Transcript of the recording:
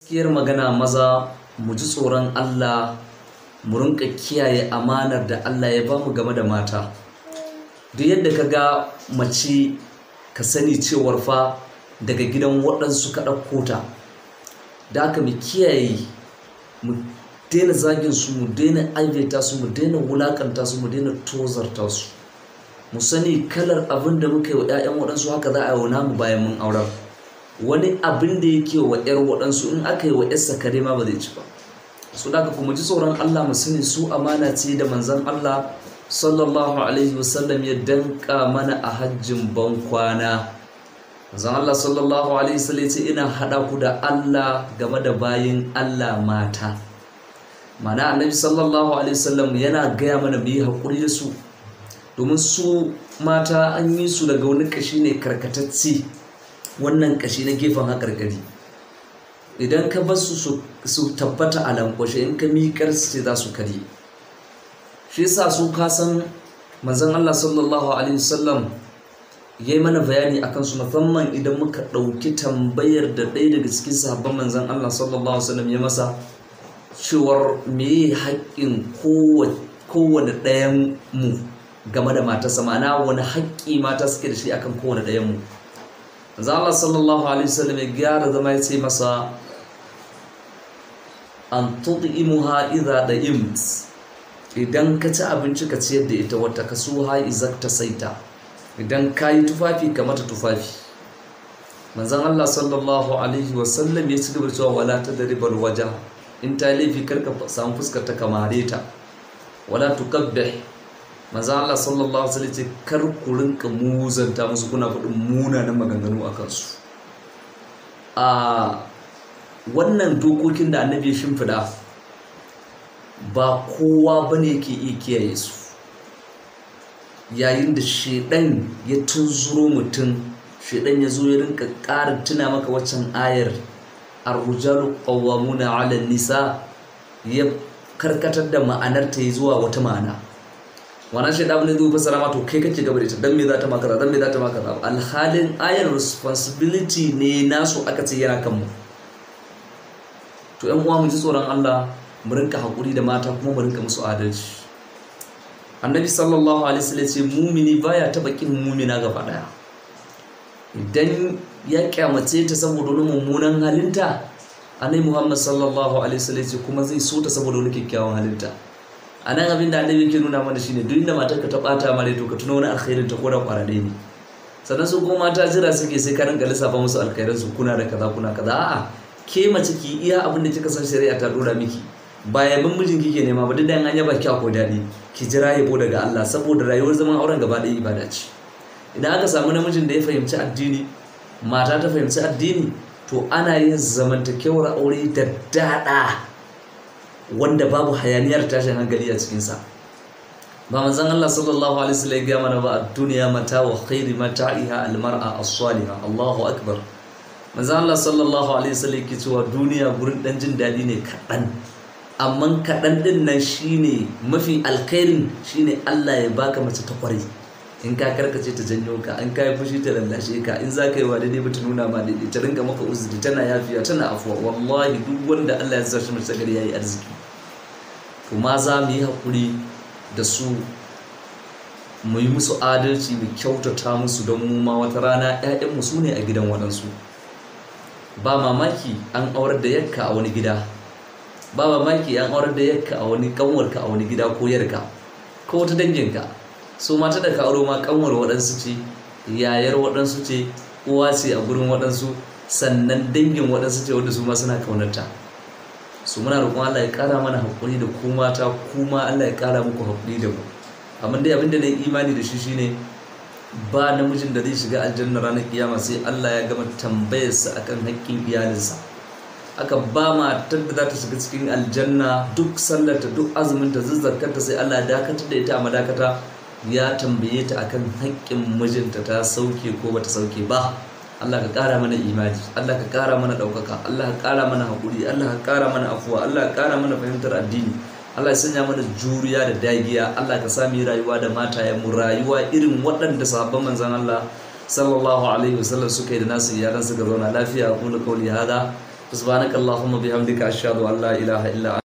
gaskiyar magana maza mu ji tsoron Allah mu rinka kiyaye amanar da Allah ya bamu game da mata duk yadda ka ga mace ka sani cewar fa daga gidan waɗansu ka ɗauko ta da aka mu kiyaye mu daina zagin su mu daina aibaita su mu daina wulakanta su mu daina tozarta su mu sani kalar abin da muka yi wa 'ya'yan waɗansu haka za a yi wa namu bayan mun aurar wani abin da yake wa ‘yar waɗansu in aka yi wa ‘yarsa kare ma ba zai ci ba su da kuma ji tsoron Allah mu sani su amana ce da manzan Allah sallallahu alaihi wasallam ya danka mana a hajjin ban kwana manzan Allah sallallahu alaihi wasallam ce ina haɗa ku da Allah game da bayin Allah mata mana annabi sallallahu alaihi wasallam yana gaya mana mu yi haƙuri da su domin su mata an yi su daga wani kashi ne karkatacce wannan kashi na gefen haƙarƙari idan ka bar su su tabbata a lankwashe in ka miƙar su ce za su kare shi yasa su kasan, san manzon Allah sallallahu alaihi wasallam ya yi mana bayani a kansu musamman idan muka ɗauki tambayar da ɗaya daga cikin sahabban manzan Allah sallallahu Alaihi wasallam ya masa cewar "Me meye haƙƙin kowane ɗayan mu game da matarsa ma'ana wani haƙƙi mata suke da shi akan kowane ɗayan mu manzo Allah sallallahu alaihi wa ya gyara zama ya ce masa an haiza idza da'imt idan ka ci abinci ka ciyar da ita wata kasuha izak ta saita idan ka yi tufafi ka mata tufafi manzon Allah sallallahu alaihi wasallam ya ci gaba cewa wala ta tadribal waja in ta laifi karka samu fuskar ta kamare ta wala tuqabbih manzo Allah sallallahu alaihi wasallam ce kar ku rinka muzanta musu kuna faɗin munanan maganganu a kansu a wannan dokokin da annabi ya ba kowa bane ke iya kiyaye su yayin da shedan ya tunzuro mutum shedan ya zo ya rinka ƙara tuna maka waccan ayar ar-rijalu qawwamuna 'ala nisa ya karkatar da ma'anarta ya zuwa wata ma'ana wannan shi ɗabin zai fassara ma to kai kake gaba da ita dan me za ta maka dan me za ta maka ba alhalin ayar responsibility ne nasu aka ce yana kanmu to ɗan uwa mu ji tsoron Allah mu rinka haƙuri da mata kuma mu rinka musu adalci annabi sallallahu alaihi wasallam ce mumini baya taɓa kin mumina gaba daya idan ya kyamace ta saboda wani mummunan halinta annabi muhammad sallallahu alaihi wasallam ce kuma zai so ta saboda wani kyakkyawan halinta a nan abin da annabi yake nuna mana shine duk inda matarka ta bata mare to ka tuna wani alkhairin ta kora kwarade ne sannan su kuma mata jira suke sai ka rinka lissafa musu alkhairin su kuna da kaza kuna kaza a'a ke mace ki iya abin da kika san shari'a ta dora miki ba bin mijin kike nema ba duk da an yaba ki ko daɗi ki jira yabo daga Allah saboda rayuwar zaman auren gaba ɗaya ibada ce idan aka samu namijin da ya fahimci addini mata ta fahimci addini to ana yin zamantakewar aure da daɗa wanda babu hayaniyar tashin hankali a cikinsa ba manzon Allah sallallahu alaihi wasallam ya mana ba duniya duniya mata wa khairu mata'iha al-mar'a as-salihah Allahu akbar manzon Allah sallallahu alaihi wasallam yake cewa duniya gurin dan jin dadi ne kadan amma kadan din nan shine mafi alkhairin shine Allah ya baka mace ta kware in ka karkace ta janyo ka an kai fushi ta lallashe ka in za ka yi wa ba ta nuna ma daidai ta ringa maka uzuri tana yafiya tana afuwa wallahi duk wanda Allah ya sa shi mace gari yayi arziki kuma za mu yi haƙuri da su mu yi musu adalci mu kyautata musu don mu ma wata rana 'ya'yanmu su ne a gidan waɗansu ba mamaki an aurar da yakka a wani gida ba mamaki an aurar da yakka a wani ƙanwarka a wani gida ko yarka ko wata danginka su mata da ka ma ƙanwar waɗansu ce yayar waɗansu ce uwa ce a gurin waɗansu sannan dangin waɗansu ce wanda su ma suna kaunarta su muna roƙon Allah ya kara mana haƙuri da ku mata kuma Allah ya kara muku haƙuri da mu amma dai abinda na imani da shi shine ba namijin da zai shiga aljanna ranar kiyama sai Allah ya gama tambayarsa akan haƙƙin iyalinsa aka ba matar da za ta shiga cikin aljanna duk sallarta duk azumin zuzzarkar ta sai Allah ya dakatar da ita a madakata ya tambaye ta akan haƙƙin mijinta ta sauke ko bata sauke ba Allah ka ƙara mana imani Allah ka ƙara mana ɗaukaka Allah ka ƙara mana haƙuri Allah ka ƙara mana afuwa Allah ka ƙara mana fahimtar addini Allah ya sanya mana juriya da dagiya Allah ka sami rayuwa da mata ya mu rayuwa irin waɗanda sahabban manzan Allah sallallahu alaihi wasallam suka yi da nasu iyalan suka zauna lafiya aqulu kauli hada subhanakallahumma bihamdika ashhadu an la ilaha illa